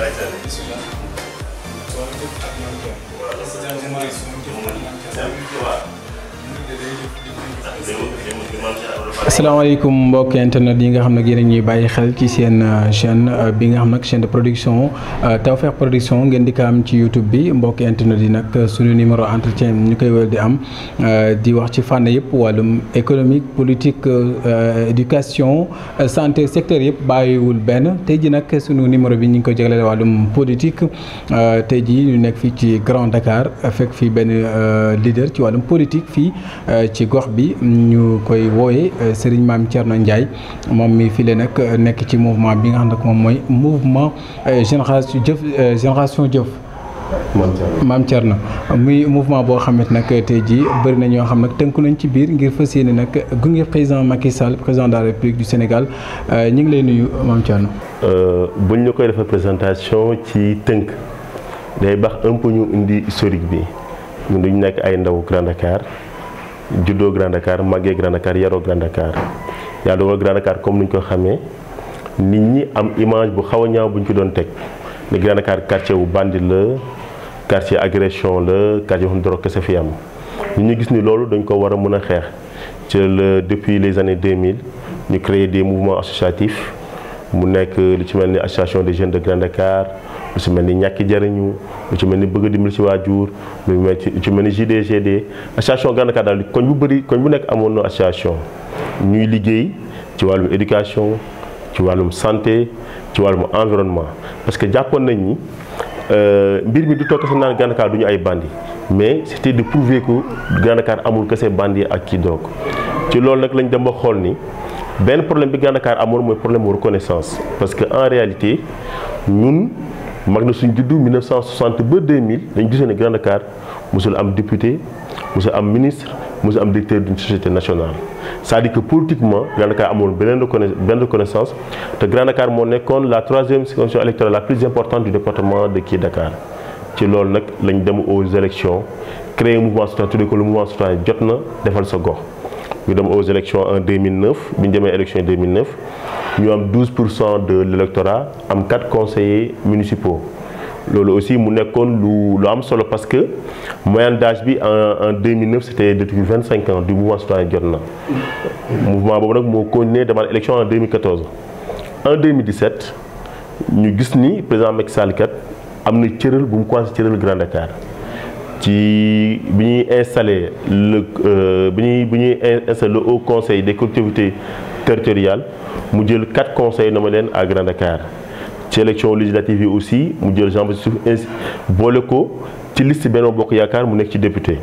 Seite nicht so lang. Sollte Fragmente. Oder das ist ja schon mal so ein Fragmente. asalaamaaleykum mbokk internet yi nga xam nag yéen ñuy bàyyi xel ci seen euh, chaîne euh, bi nga xam nag chaîne de production euh, Tawfekh production ngeen di ko am ci YouTube bi mbokk internet yi nag suñu numéro entretien ñu koy wër di am di wax ci fànn yëpp wàllum économique politique éducation santé secteur yëpp bàyyiwul benn tey ji nag sunu numéro bi ñu ngi ko jagleel wàllum politique tey ji ñu nekk fii ci Grand Dakar fekk fii benn leader ci wàllum politique fii Euh, ci gox bi ñu koy wooye euh, Serigne Mame na Ndiaye moom mi file nag euh, nekk ci mouvement bi nga xam ne moom mooy mouvement génération jëf génération jëf na Thierno muy mouvement boo xamante nag te jii bëri na ñoo xam nag tënku nañ ci biir ngir fas yéene nag gunge président Macky Sall président de la République du Sénégal ñu ngi lay nuyu maam Thierno. buñ la koy defee présentation ci tënk day baax un indi historique bi ñun dañu nekk ay ndaw Grand juddoo Grand Dakar màggee Grand Dakar yaroo Grand Dakar yàlla dogal Grand Dakar comme ni ñu ko xamee nit ñi am image bu xaw a ñaaw bu ñu ci doon teg ni Grand Dakar quartier wu bandi la quartier agression la quartier wu drogue kese fi am. ñu ñu gis ni loolu dañ ko war a mën a xeex ci la depuis les années 2000 ñu créé des mouvements associatifs. mu nekk lu ci mel ni association des jeunes de Grand Dakar lu ci mel ni ñàkki jariñu lu ci mel ni bëgg a dimbali ci waajur lu ci mel ni JDGD association Grand Dakar daal koñ bu bëri koñ bu nekk amoon na association ñuy liggéey ci wàllum éducation ci wàllum santé ci wàllum environnement parce que jàppoon nañ ni euh, mbir mi du toog kese naan Grand Dakar du ñu ay bandi mais c'était de prouver que Grand Dakar amul kese bandi ak kii doog ci loolu nag lañ dem xool ni. benn problème bi Grand Dakar amoon mooy problème mu reconnaissance parce que en réalité ñun mag na suñ juddu 1960 ba 2000 dañu gisoon ne Grand Dakar mosul am député mosul am ministre mosul am directeur d'une société nationale c'est-à-dire que politiquement Grand Dakar amoon beneen benn reconnaissance te Grand Dakar moo nekkoon la troisième circonscription électorale la plus importante du département de kii Dakar ci loolu nag lañ dem aux élections créer mouvement citoyen tuddee ko le mouvement citoyen jot na defal sa gox ñu dem aux élections en 2009 bi ñu demee élection 2009 ñu am 12 pour cent de l'électorat am quatre conseillers municipaux loolu aussi mu nekkoon lu lu am solo parce que moyenne d'âge bi en en 2009 c'était depuis 25 ans du mouvement citoyen Jotna mouvement boobu nag moo continué demaat élection en 2014 en 2017 ñu gis ni président Macky Sall kat am na cëral bu mu commencé cëral Grand Dakar. ci bi ñuy installé le euh, bi ñuy bi ñuy installé le haut conseil des collectivités territoriales mu jël quatre conseils na ma leen à Grand Dakar ci élection législative yi aussi mu jël Jean Baptiste Diouf boole ko ci liste Benno Bokk Yaakaar mu nekk ci député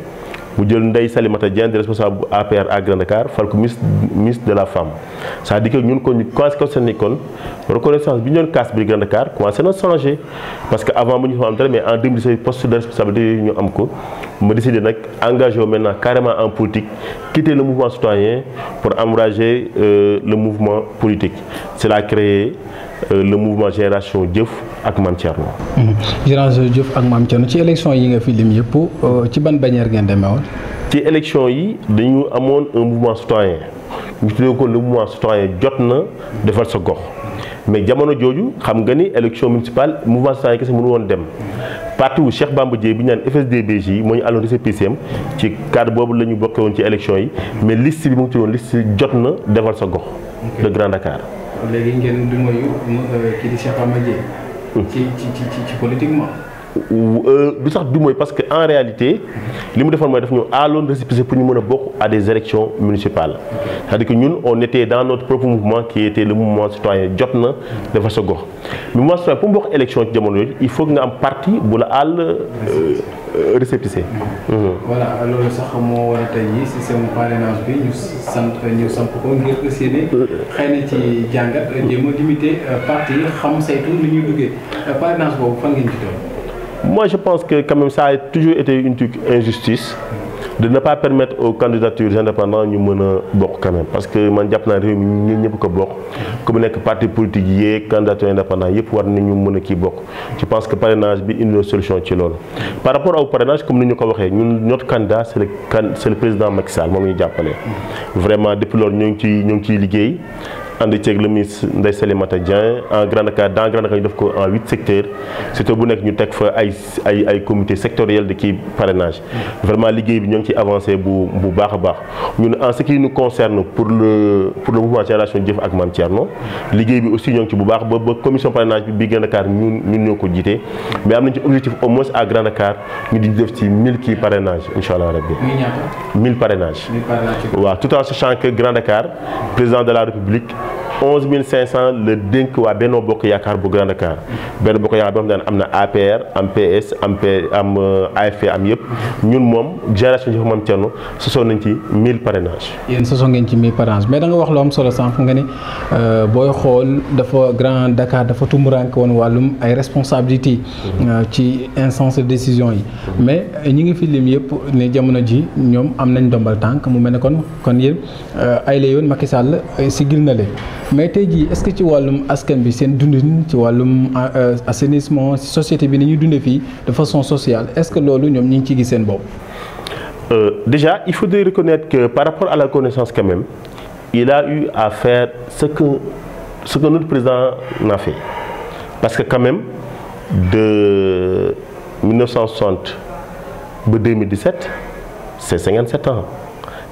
mu jël ndey Salimata Dieng di responsable bu APR à Grand Dakar fal ministre de la femme c'est-à-dire que ñun kon commencé ni kon reconnaissance bi ñu doon casse bi Grand Dakar commencé na changé parce que avant mu ñu fa am dara mais en 2017 poste de responsabilité yooyu ñu am ko ma décidé nag engagé wu maintenant carrément en politique quitter le mouvement citoyen pour encourager euh, le mouvement politique c'est la créé euh, le mouvement Génération Jëf ak maam Thierno. Mm-hmm. Général Diouf ak maam Thierno ci élection yi nga fi lim yëpp euh, ci ban bannière ngeen demee ci élection yi dañu amoon mouvement citoyen ñu tuddee ko mouvement citoyen jot na defal sa gox mais jamono jooju xam nga ni élection municipale mouvement citoyen kese mënu woon dem. parti wu Cheikh Bamba Dièye bi ñu de fsd yi moo ñu àlloon récépissé am ci cadre boobu la ñu bokkee woon ci élection yi mais liste bi mu ngi tuddoon liste jot na defal sa gox. le Grand Dakar. ci ci ci ci politiquement. Euh, du sax du mooy parce que en réalité li mu defoon mooy daf ñu aaloon récépissé pour ñu mën a bokk à des élections municipales c'est-à-dire que ñun on était dans notre propre mouvement qui était le mouvement citoyen jot na dafa sa gox mouvement citoyen pour mu bokk jamono yooyu il faut nga am partie bu la àll euh, euh, récépissé voilà loolu sax moo war a tey jii système parrainage bi ñu sant ñu samp ko ngir aussi ne xëy na ci jàngat jéem a limité parti xam saytu li ñuy duggee mois je pense que quand même, ça toujours été une injustice de ne pas permettre aux candidatures indépendantes ñu mën a bokk quand parce que man jàpp naa réew mi ñun ñëpp ko bokk ku mu nekk parti politique yeeg candidature indépendant yëpp war nañu mën a kii bokk je pense que parrainage bi une solution ci loolu par rapport au parrainage comme ni ñu ko waxee ñun notre candidat c'est le c'est le président Macky Sall moom ñu jàppale vraiment depuis loolu ngi ciy ñoo ngi ciy liggéey en grande cas dans grande cas ñu def ay ay ay comité sectoriel de kii parrainage vraiment liggéey bi ñoo ngi ci avancé bu bu baax a baax en ce qui nous concerne pour le pour le mouvement génération jëf bu baax ba ba commission parrainage bi bii grande cas ñun ñun ñoo ko jiite mais am nañ ci objectif au moins à rabbi mille parrainage waaw tout en sachant que Grand Dakar président de la République 11000 500 la dénk waa Benno Bokk Yaakaar bu Grand Dakar Benno Bokk Yaakaar boo xam ne am na APR am PS am P am euh, AFP am yëpp ñun moom génération ji fa moom Thierno sosoo nañ ci 1000 parrainages. yéen sosoo ngeen ci 1000 parrainages mais danga wax loo am solo sànq nga ne euh, booy xool dafa Grand Dakar dafa tumurank woon wàllum ay responsabilités. Mm-hmm. Euh, ci instance de yi. Mm-hmm. mais ñi ngi fi lim yëpp jamono ji ñoom am nañ ndombal tànk mu mel ne kon kon yéen ay yoon Macky Sall sigil na mais tey jii est-ce que ci wàllum askan bi seen dundin ci wàllum euh, assainissement société bi ni ñuy dundee fii de façon sociale est-ce que loolu ñoom ñu ngi ci gis seen bopp. Euh, déjà il faudrait reconnaître que par rapport à la connaissance quand même il a eu à faire ce que ce que notre président n'a fait parce que quand de 1960 ba 2017 c'est 57 ans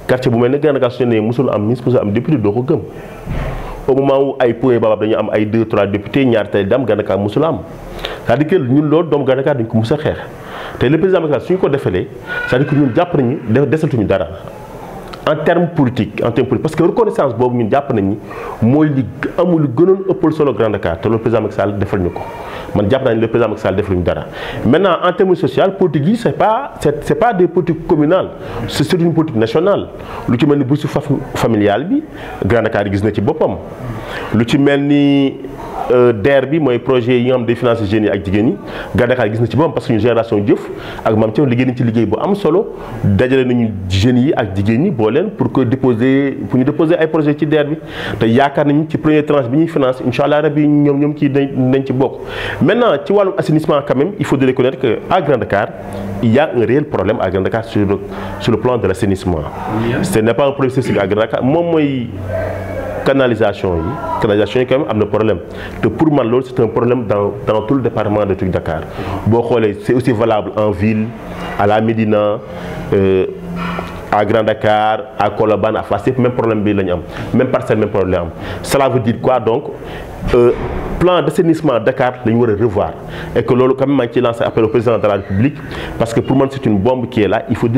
quartier bu mel ne Grand Dakar su ñu nee mosul am ministre mosul am député doo ko gëm. au moment wu ay Pouye Babab dañu am ay 2 3 députés ñaar tey dam Gandaka musul am c'est-à-dire que ñun loolu doomu Gandaka dañ ko mus a xeex te lépp président Macky su ñu ko defalee c'est-à-dire que ñun jàpp nañu desatuñu dara. en terme politique en terme politique parce que reconnaissance boobu ñun jàpp nañ ni mooy li amul lu gënoon ëppal solo Grand Dakar te loolu président Macky Sall defal ñu ko man jàpp naa ne le président Macky Sall defaluñu dara. maintenant en terme social politique yi c' pas c' pas des politiques communales c' une politique nationale lu ci mel ni bourse familiale bi Grand Dakar gis na ci boppam lu ci mel ni Euh, DER bi mooy projet yi nga xam day financé jeunes ak jigéen ñi Gaddaxaar gis na ci boppam parce que ñu génération jëf ak maam Thiam liggéey nañ ci liggéey bu am solo dajale nañu jeunes yi ak jigéen yi boo leen pour que déposer pour ñu déposer ay projet ci DER bi te yaakaar nañu ci première tranche bi ñuy finance incha allah rabi ñoom ñoom ci dañ ci bokk maintenant ci wàllum assainissement quand même il faut de reconnaître que à Grand Dakar il y un réel problème à Grand le sur le plan de l'assainissement ce n'est pas mooy canalisation yi canalisation yi quand même am na problème te pour man loolu c'est un problème dans dans tout le département de Tuc Dakar boo xoolee c'est aussi valable en ville à la Médina euh, à Grand Dakar à Colobane à Fass yëpp problème bi la ñu am même parcelle même problème am cela veut dire quoi donc euh, plan d'assainissement Dakar la ñu war a revoir et que loolu quand même maa lancé appel au président de la République parce que pour man c'est une bombe qui est il faut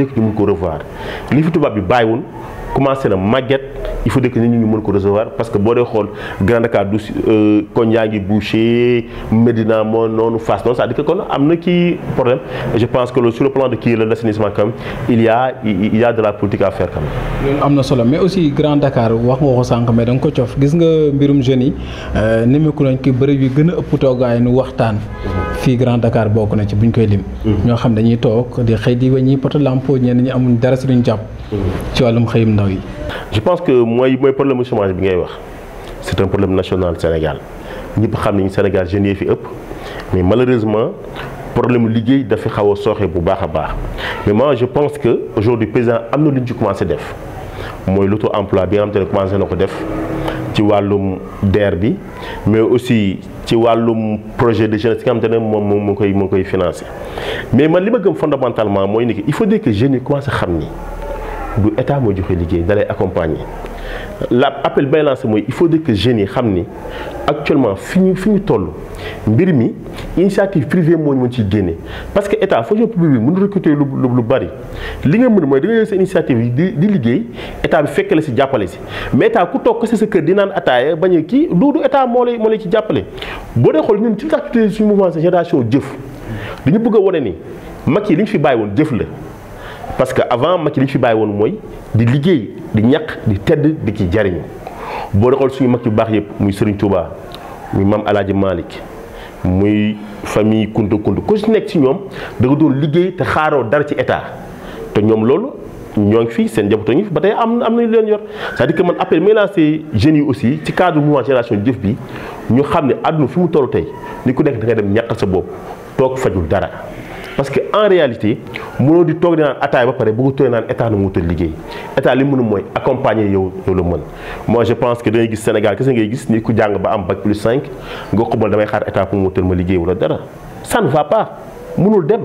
commencé na magget il faut que nit ñu mën ko recevoir parce que boo dee xool Grand Dakar du euh, koñ yaa ngi bouché Médina moo noonu Fass noonu cest à kon am na kii problème je pense que sur le plan de kii la l'assainissement quand même il il y de la politique à faire quand am na solo mais aussi Grand Dakar wax nga ko sànq mais da nga ko cof gis nga mbirum jeunes yi euh, nemmeeku nañ ki bërëb yi gën a ëpp toogaay nu waxtaan. fii Grand Dakar bokk na ci bu buñ koy lim. Mm-hmm. ñoo xam dañuy toog di xëy di weññi poto lampo ñenn ñi amuñ jàpp. ci wàllum xëyum ndaw yi. je pense que mooy mooy problème mu chômage bi ngay wax c' est un problème national Sénégal ñëpp xam ñu Sénégal jeunes yi fi ëpp mais malheureusement problème liggéey dafa xaw a sooxe bu baax a baax mais moi je pense que aujourd'hui président am na lu ñu ci commencé def mooy l' auto emploi bi nga xam ne na ko def ci wàllum DER bi mais aussi ci wàllum projet de jeunesse nga xam te ne moom moom moo koy moo koy financé mais man li ma gëm mooy ni que il faut que jeunes yi du état moo joxe liggéey dalay lay accompagner la appel bay lancé mooy il faut que jeunes yi xam ni actuellement fi ñu fi ñu toll mbir mi initiative privée moo ñu mën ci génne parce que état fonction publique bi mënu recruter lu lu bari li nga mën mooy da nga jël sa initiative di di liggéey état bi fekk la si jàppale si mais état ku toog si sa kër di naan ataaya bañ kii loolu du état moo lay moo lay ci jàppale boo dee xool ñun ci tax tuddee suñu mouvement sa génération bëgg a wane ni mag yi li ñu fi bàyyi woon jëf la parce que avant Macky li ñu fi bàyyi woon mooy di liggéey di ñaq di tedd di ci jariñu boo xool suñu mag yu baax yëpp muy Serigne Touba muy maam El Hadj Malick muy famille Kunta Kunta ku si nekk ci ñoom da nga doon liggéey te xaaroo dara ci état te ñoom loolu ñoo ngi fi seen njaboot ngi fi ba tey am am nañu leen yor c'est-à-dire que man appel may lancé jeunes yi aussi ci cadre mouvement génération jëf bi ñu xam ne àdduna fi mu toll tey ni ku nekk da dem ñàq sa bopp toog fajul dara. parce que en réalité mënoo di toog di naan ataay ba pare bëgg toog naan état nu mu wutal liggéey état li mënu mooy accompagner yow yow mën moi je pense que da gis Sénégal kese ngay gis nit ku jàng ba am bac plus 5 nga xubal damay xaar état pour mu wutal ma liggéey wala dara ça va pas mënul dem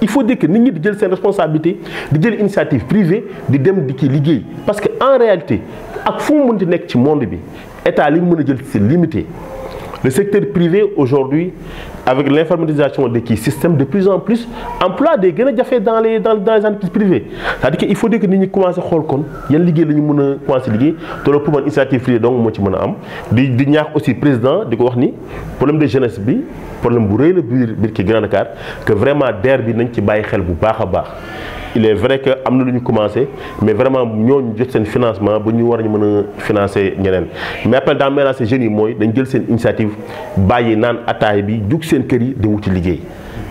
il faut dire que nit ñi di jël seen responsabilité di jël initiative privée di dem di ci liggéey parce que en réalité ak fu mu mun mënti nekk ci monde bi état li mu mën a jël c'est limité le secteur avec l'informatisation de kii système de plus en plus emploi day gën a jafe dans les dans les entreprises privées c'est-à-dire que il faut que nit ñi commencé xool kon yan liggéey la ñu mën a commencé liggéey te loolu pour man initiative donc moo ci mën a am di di ñaax aussi président di ko wax ni problème de jeunesse bi problème bu rëy la biir biir kii Grand Dakar que vraiment DER bi nañ ci bàyyi xel bu baax a baax. il est vrai que am na lu ñu commencé mais vraiment ñooñu jot seen financement ba ñu war a mën a financer ñeneen mais appel dans ménage jeunes yi mooy dañ jël seen initiative bàyyi naan ataay bi jug seen kër yi di wuti liggéey.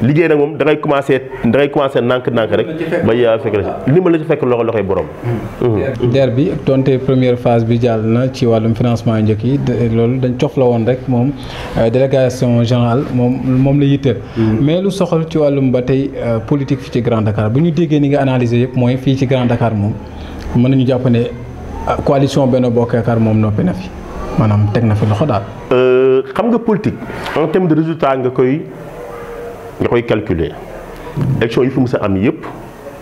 liggéey nag moom da ngay commencé da ngay commencé nànk-nànk rek ba fekk la ndimbal la ci fekk loxo loxoy borom. Hmm. Hmm. Hmm. DER bi donte première phase bi jàll na ci wàllum financement yu njëkk yi loolu dañ cof la woon rek moom euh, délégation générale moom moom la yitteel. mais lu soxal ci wàllum ba tey euh, politique fii ci Grand Dakar bu ñu déggee ni nga analyser yëpp mooy fii ci Grand Dakar moom mën nañu jàpp ne euh, coalition benn Bokk moom noppi na fi maanaam teg na fi loxo daal. xam nga politique nga koy calculer élection yi fi mus a am yëpp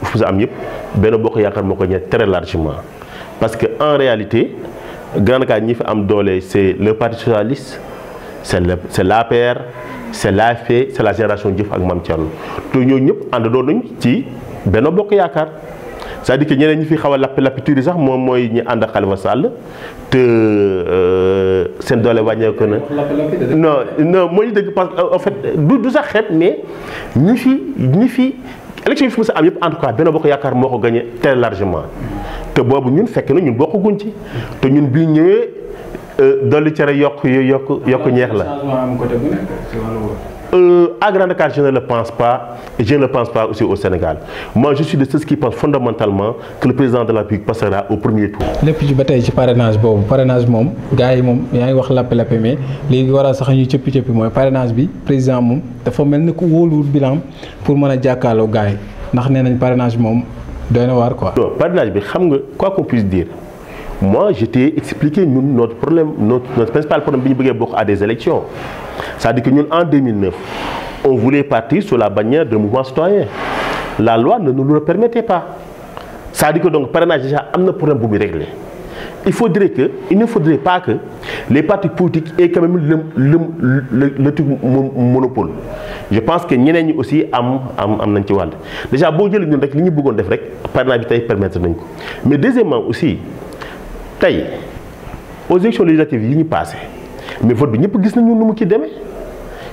fi mus a am yëpp benn bokk yaakaar moo ko ñëw très largement parce que en réalité gànnaaw ñi fi am doole c' est le parti socialiste c' est le la est l' la c' est l' AFP la génération Jëf ak Mame Thierno te ñooñu ñëpp àndandoo nañ ci benn bokk yaakaar. c'est-à-dire que ñeneen ñi fi xaw a lapp lappitude sax moom mooy ñi ànd ak Khalifa Sall te euh, seen doole wàññeeku na. non non moo ñu dëgg parce que euh, en fait du du sax xeet mais ñi fi ñi fi élection yi fi mu sa am yëpp en tout cas benn bokk yaakaar moo ko gagné très largement. te boobu ñun fekk na ñun bokkaguñ ci. te ñun bii ñëwee euh, dolli cere yokk yokk yokk ñeex la. Euh, à grande carte, je ne le pense pas. Je ne aussi au Sénégal. Moi, je suis de ceux qui pensent fondamentalement que le président de la République passera au premier tour. lépp ci ba tey ci parrainage boobu parrainage moom gars yi moom yaa ngi wax lappe-lappe mais léegi war a sax ñuy cëppi mooy parrainage bi président moom dafa mel ni ku wóoluwul bilan pour mën a jàkkaarloo gars ndax nee nañ parrainage moom doy na waar quoi. non bi xam nga quoi qu'on puisse moi je t'ai expliqué ñun notre problème notre, principal problème bi ñu bëggee bokk à des élections c'est-à-dire ñun en 2009 on voulait partir sur la bannière de mouvement citoyen la loi ne nous le permettait pas c'est-à-dire que donc parrainage déjà am na problème bu muy réglé il faudrait que il ne faudrait pas que les partis politiques aient quand même le le le le truc monopole je pense que ñeneen ñi aussi am am am nañ ci wàll déjà boo jëlee ñun rek li ñu bëggoon def rek parrainage bi tey permettre nañ ko mais deuxièmement aussi tey aux élections yi ñu passé mais vote bi ñëpp gis nañu nu mu ci demee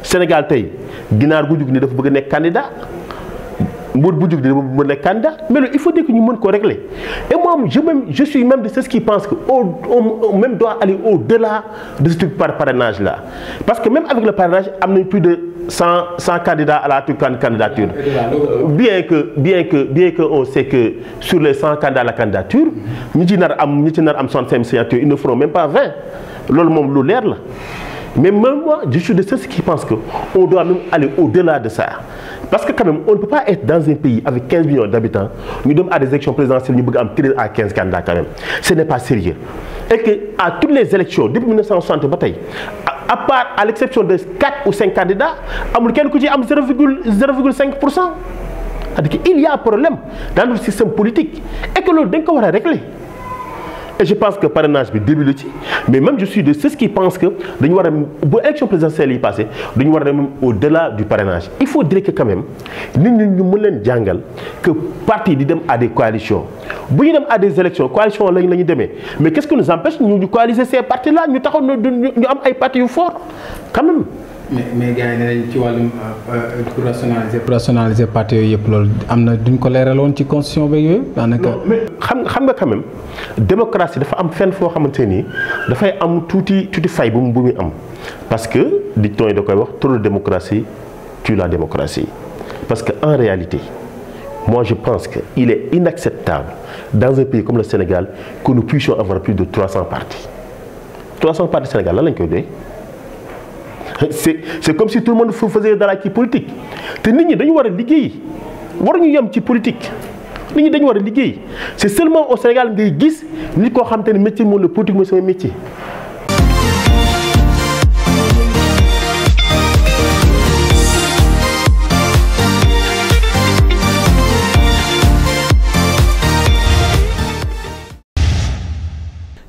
Sénégal tey ginaar gu jug ni dafa bëgg a nekk candidat mbuur bu jug ni dafa bëgg nekk candidat mais loolu il faut que ñu mën ko régler moom je même je suis même de ceux qui pensent que au, au, on même doit aller au-delà de ce truc par parrainage parce que même avec le parrainage am nañ plus de cent cent candidats à la Tucan candidature bien que bien que bien que on sait que sur les cent candidats à la candidature ñi ci nar am ñi ci nar am son cinq signatures ils ne feront même pas vingt loolu moom lu leer la Mais même moi, je suis de ceux qui pensent qu'on doit même aller au-delà de ça. Parce que quand même, on ne peut pas être dans un pays avec 15 millions d'habitants, nous sommes à des élections présidentielles, nous sommes à 15 candidats quand même. Ce n'est pas sérieux. Et que à toutes les élections, depuis 1960, à part à l'exception de 4 ou 5 candidats, il y a 0,5%. cest y a problème dans le système politique et que l'on doit régler. et je pense que parrainage bi début la ci mais même je suis de ceux qui pensent que dañu war a bu élection présidentielle yi passé dañu war a dem au delà du parrainage il faut dire que quand nit ñu mën leen jàngal que parti di dem à des coalitions bu ñu dem à des élections coalition lañ la ñu demee mais qu'est-ce qui nous empêche ñu ñu coaliser ces partis là ñu taxaw ñu am ay partis yu fort quand mais mais gars yi ne nañ ci wàllum euh, euh, pour rationaliser. pour rationaliser parti yooyu yëpp loolu am na duñ ko leeraloon ci constitution beeg yooyu. daanaka mais xam xam nga quand même dafa am fenn foo xamante nii dafay am tuuti tuuti fay bu mu bu am parce que di tooy da koy wax trop de démocratie tue la démocratie parce que en réalité. Moi, je pense qu'il est inacceptable dans un pays comme le Sénégal que nous puissions avoir plus de 300 partis. 300 partis Sénégal, là, l'un c'est c'est comme si tout le monde faisait dara ci politique te nit ñi dañu war a liggéey war ñu yem ci politique nit ñi dañu war a liggéey c'est seulement au Sénégal ngay gis nit koo xam ne métier moom la politique mooy sama métier.